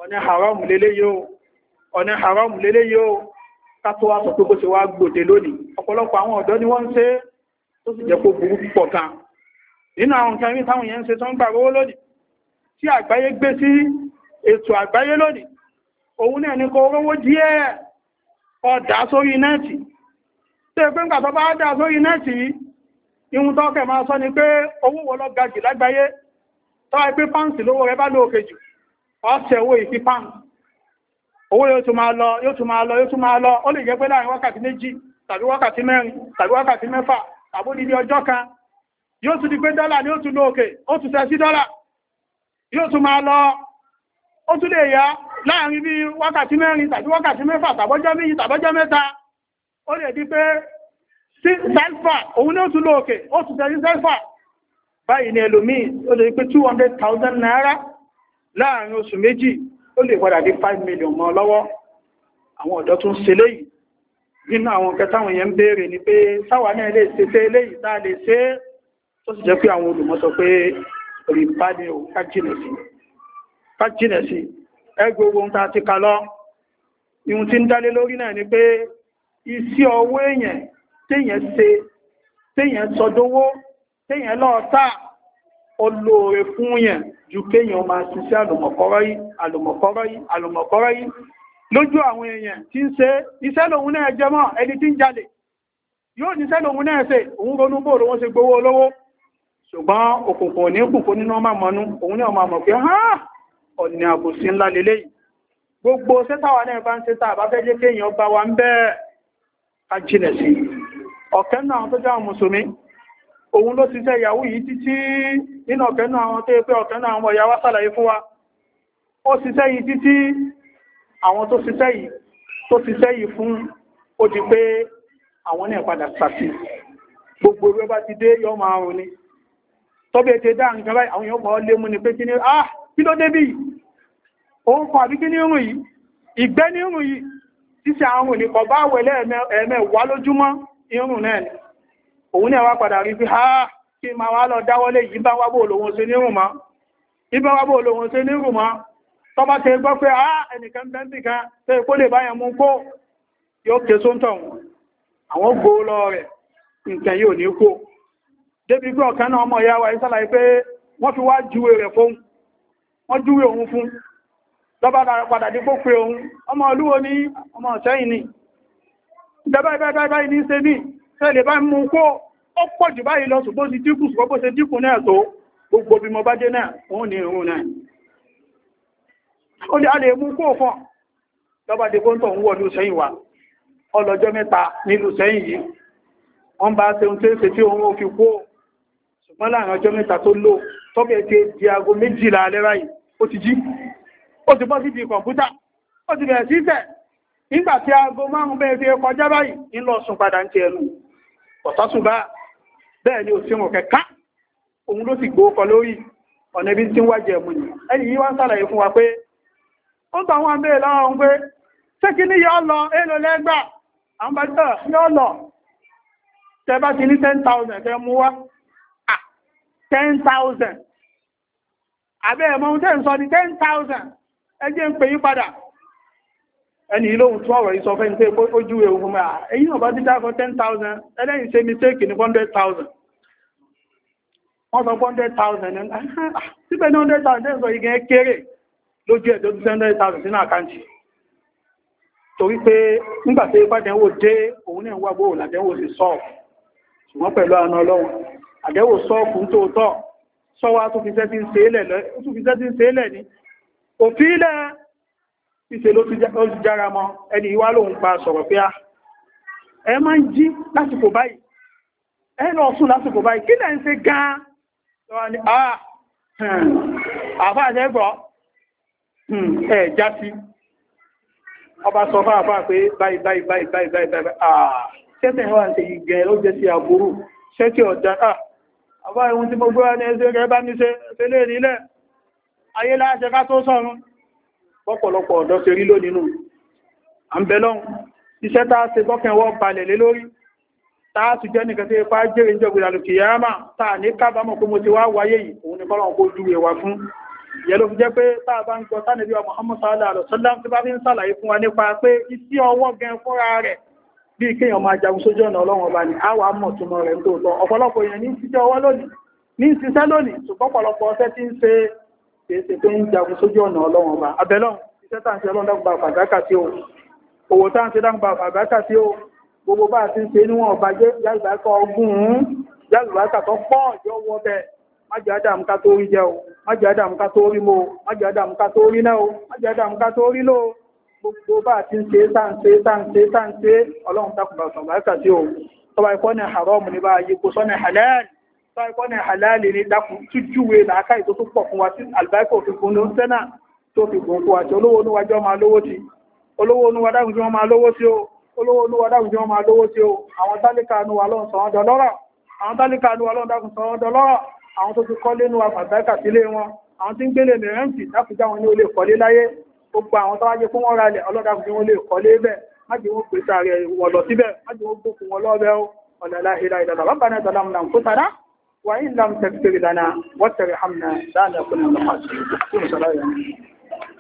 ọ̀nà haramu lélẹ́ yóò ọ̀nà haramu lélẹ́ yóò kátó wá sọ pé bó ṣe wá gbòde lónìí ọ̀pọ̀lọpọ̀ àwọn ọ̀dọ́ ni wọ́n ń ṣe tó sì jẹ́ kó burú púpọ̀ kan nínú àwọn nǹkan rí táwọn yẹn ń ṣe tó ń gbà rówó lónìí tí àgbáyé gbé sí ètò àgbáyé lónìí òun náà ní kó rówó díẹ̀ ọ̀dà sórí nẹ́ẹ̀tì tí ẹgbẹ́ ńgbà tó bá dà sórí nẹ́ẹ̀tì yìí ihun tó máa sọ ni pé owó wọ́n lágbáyé tọ́wọ́ ẹgbẹ́ pàǹsì lówó rẹ bá lóòkè jù ọ̀sẹ̀ owó ìfi pàǹsì owó yóò tún máa lọ yóò tún máa lọ yóò tún máa lọ ó lè jẹ́ pé láàrin wákàtí méjì tàbí wákàtí mẹ́rin tàbí wákàtí mẹ́fà tàbí níbi ọjọ́ kan yóò tún di pé dọ́là ni ó tún lóòkè ó tún sẹ́ sí dọ́là yóò tún máa lọ ó tún lè yá láàrin bí wákàtí mẹ́rin tàbí wákàtí mẹ́fà tàbọ́jọ́ méjì tàbọ́jọ́ mẹ́ta ó lè di pé sí sẹ́fà òun ni ó tún lóòkè ó tún sẹ́ sí sẹ́fà báyìí ni ẹlòmíì ó lè pé 200,000 naira láàrin oṣù méjì ó lè padà dé 5 million mọ́ lọ́wọ́ àwọn ọ̀dọ́ tún ṣe léyìí nínú àwọn kẹta àwọn èèyàn ń béèrè ni pé sáwà náà lè ṣe ṣe léyìí tá a lè ṣe tó sì jẹ́ pé àwọn olùmọ̀ pé orí o kájínẹ̀ sí ẹgbẹ́ ogun ta ti ka lọ ihun tí ń dálé lórí náà ni pé iṣẹ́ ọwọ́ èèyàn téèyàn ṣe kéèyàn lọ́ọ̀ tà olóore fún yẹn ju kéèyàn máa ṣiṣẹ́ àlùmọ̀kọ́rọ́ yìí àlùmọ̀kọ́rọ́ yìí àlùmọ̀kọ́rọ́ yìí lójú àwọn èèyàn tí ń ṣe iṣẹ́ lòun náà jẹ mọ́ ẹni tí ń jalè yóò níṣẹ́ lòun náà ṣe òun ronú bóòrò wọ́n ṣe gbowó olówó ṣùgbọ́n òkùnkùn ní kùnkùn nínú ọmọ ha ọ̀nà àbòsí ńlá leléyìí gbogbo sẹ́tàwà náà bá ń ṣe tàbá fẹ́ jẹ́ kéèyàn bá wa òun ló ti tẹ́ ìyàwó yìí títí nínú ọ̀kẹ́nú àwọn tó pé ọ̀kẹ́nú àwọn ọmọ ìyàwó sàlàyé fún wa ó ṣiṣẹ́ yìí títí àwọn tó ṣiṣẹ́ yìí tó ṣiṣẹ́ yìí fún ó di pé àwọn náà padà sàtì gbogbo ẹgbẹ́ bá ti dé yọ máa rùn ni tọ́bẹ̀ ti dá nǹkan báyìí àwọn yóò mọ̀ lé mú ni pé kí ni ah kí ló débì òun kan àbí kí ní rùn yìí ìgbẹ́ ní rùn yìí ṣíṣe àrùn ní kọ̀ bá wẹ̀lẹ́ ẹ̀mẹ̀wá lójúmọ́ irun náà òun ní àwá padà rí bí ha kí ma wá lọ dáwọ́lé yìí bá wábò olóhun sí ní rùmọ́ ibá wábò olóhun sí ní rùmọ́ tó bá ṣe gbọ́ pé a ẹnìkan bẹ́ndì kan tó ikó lè báyẹn mú kó yóò ké sóńtọ̀ àwọn gbó lọ rẹ̀ nǹkan yóò ní kó débi pé ọ̀kan náà ọmọ ìyá wa ìsàlàyé pé wọ́n fi wá júwe rẹ̀ fún wọ́n júwe òun fún lọ́bá padà dípò pé òun ọmọ olúwo ní ọmọ ọ̀sẹ́yìn ni tẹ́lẹ̀ bá mú kó ó pọ̀ jù báyìí lọ ṣùgbọ́n ti dínkù ṣùgbọ́n bó ṣe dínkù náà tó gbogbo bí mo bá dé náà òun ni ìrun náà ó ní a lè mú kó fún lọ́ba dé kó ń tọ̀ ń wa ọlọ́jọ́ mẹ́ta nílùú sẹ́yìn yìí wọ́n bá ṣe ohun tó ṣe tí òun ó fi kó ṣùgbọ́n láàrin ọjọ́ mẹ́ta tó lò tọ́bẹ̀ ti di aago sùn padà ń ti ẹnu ọ̀sásùbá bẹ́ẹ̀ ni òsìn òkẹ́ ká òun ló sì gbóókọ lórí ọ̀nà ibi tí ń wájẹ̀ ẹ̀mù yìí ẹni yìí wá ń sàlàyé fún wa pé ó gbà wọn bẹ́ẹ̀ lára òun pé ṣé kí ní yọ lọ èlò lẹ́gbà àwọn bá tẹ̀ yọ lọ tẹ bá ti ní ten thousand tẹ mú wá ten ẹni ìlóhun tó ọ̀rọ̀ ìsọ fẹ́ ní pé ó júwe ohun mẹ́ èyí náà bá ti dákọ̀ 10,000 ẹlẹ́yìn ṣe mistake ní 100,000 wọ́n sọ 100,000 ní ah, síbẹ̀ ní 100,000 sọ igẹ́ kéré lójú ẹ̀ tó ti 100,000 sínú àkáǹtì torí pé nígbà tí ipá dẹ̀wò dé òun náà wà gbóòlà dẹ̀wò sí sọ́ọ̀fù ṣùgbọ́n pẹ̀lú àna ọlọ́run àdẹ́wò sọ́ọ̀fù ń tóótọ́ sọ́wọ́ tó fi sẹ́ ti ń ṣe é lẹ̀ ní òfin ilẹ̀ ìṣe ló ti jára mọ́ ẹni ìwá lòun pa sọ̀rọ̀ pé ah, ẹ máa ń jí lásìkò báyìí ẹ lọ sùn lásìkò báyìí kí lẹ́ ń ṣe gan-an lọ́wọ́ ni ah, hmm, àfáà ṣẹ́gbọ́ hmm, ẹ̀ já sí ọba sọ fún àfáà pé báyìí báyìí báyìí báyìí báyìí àà tẹ́tẹ̀ wà ní èyí gẹ̀ẹ́ ló jẹ́ sí àbúrú ṣẹ́tì ọ̀dá ah, àbá ìwọ̀n tí mo gbọ́ ní ẹsẹ̀ rẹ̀ bá ní ṣe lè nílẹ̀ ayé láṣẹ ká tó sọ́run pọ́pọ̀lọpọ̀ ọ̀dọ́ ṣe rí lónìí nù àǹbẹ̀lọ́n iṣẹ́ tá a ṣe bọ́kẹ̀ wọ́n balẹ̀ lé lórí tá a sì jẹ́ nìkan tí ipá jẹ́rìí jọ gbìyànjú kìyàmà tá a ní kábàámọ̀ pé mo ti wá wáyé yìí òun ni kọ́lọ̀ kó ju ìwà fún ìyẹn ló fi jẹ́ pé tá a bá ń gbọ́ sánàbí wa Muhammad sallallahu alaihi wasallam tí bá fi ń sàlàyé fún wa nípa pé iṣẹ́ ọwọ́ gan fúnra rẹ̀ bí kéèyàn máa jagun sójú ọ̀nà ọlọ́run ọba ni àwọn amọ̀túnmọ̀ rẹ̀ ń tòótọ́ ọ̀pọ̀lọpọ̀ èèyàn ní ṣiṣẹ́ ọwọ́ lónìí ní ṣiṣẹ́ lónìí ṣùgbọ́n ọ̀pọ̀lọpọ̀ ọṣẹ́ tí ń ṣe kèése pé ń jagun sójú ọ̀nà ọlọ́run ọba abẹ́lọ́ iṣẹ́ tàà ń ṣe ọlọ́run dákùnbà fàgbákà tí ó owó tàà ń ṣe dákùnbà fàgbákà tí ó gbogbo bá ti ń ṣe níwọ̀n ọba jẹ́ yálùbákà ọgùn yálùbákà tó pọ̀ jọ wọ bẹ̀ májì ádámù ká tó rí jẹ o májì ádámù ká tó rí mo májì ádámù ká tó rí o májì ádámù ká tó rí lò gbogbo bá halal táìkọ́ ní àláàlì ní dákùn tújúwe làákà ètò tó pọ̀ fún wa tí àlùbáríkà òfin fún ló ń sẹ́nà tó fi gùn fún àti olówó olúwàjọ́ máa lówó sí olówó olúwadáhùn jọ máa lówó sí o olówó olúwadáhùn jọ máa lówó sí o àwọn tálíkà nu wa lọ́n sọ̀rọ̀ dọlọ́rọ̀ àwọn tálíkà nu wa lọ́n dákùn sọ̀rọ̀ dọlọ́rọ̀ àwọn tó ti kọ́lé nu àfàgbáríkà sílé wọn àwọn tí ń gbélé mìíràntì dákùjá wọn ní olè kọ́lé láyé gbogbo àwọn tó wáyé fún wọn ralẹ̀ ọlọ́dàkùn tí wọ́n lè kọ́lé bẹ́ẹ̀ májì wọ́n pèsè ààrẹ wọ̀lọ̀ síbẹ̀ májì wọ́n gbókun wọn lọ́bẹ̀ ọ̀nà láìláìlọ́lọ́ bá náà tọ́lá وإن لم تغفر لنا وترحمنا لنكونن من الخاسرين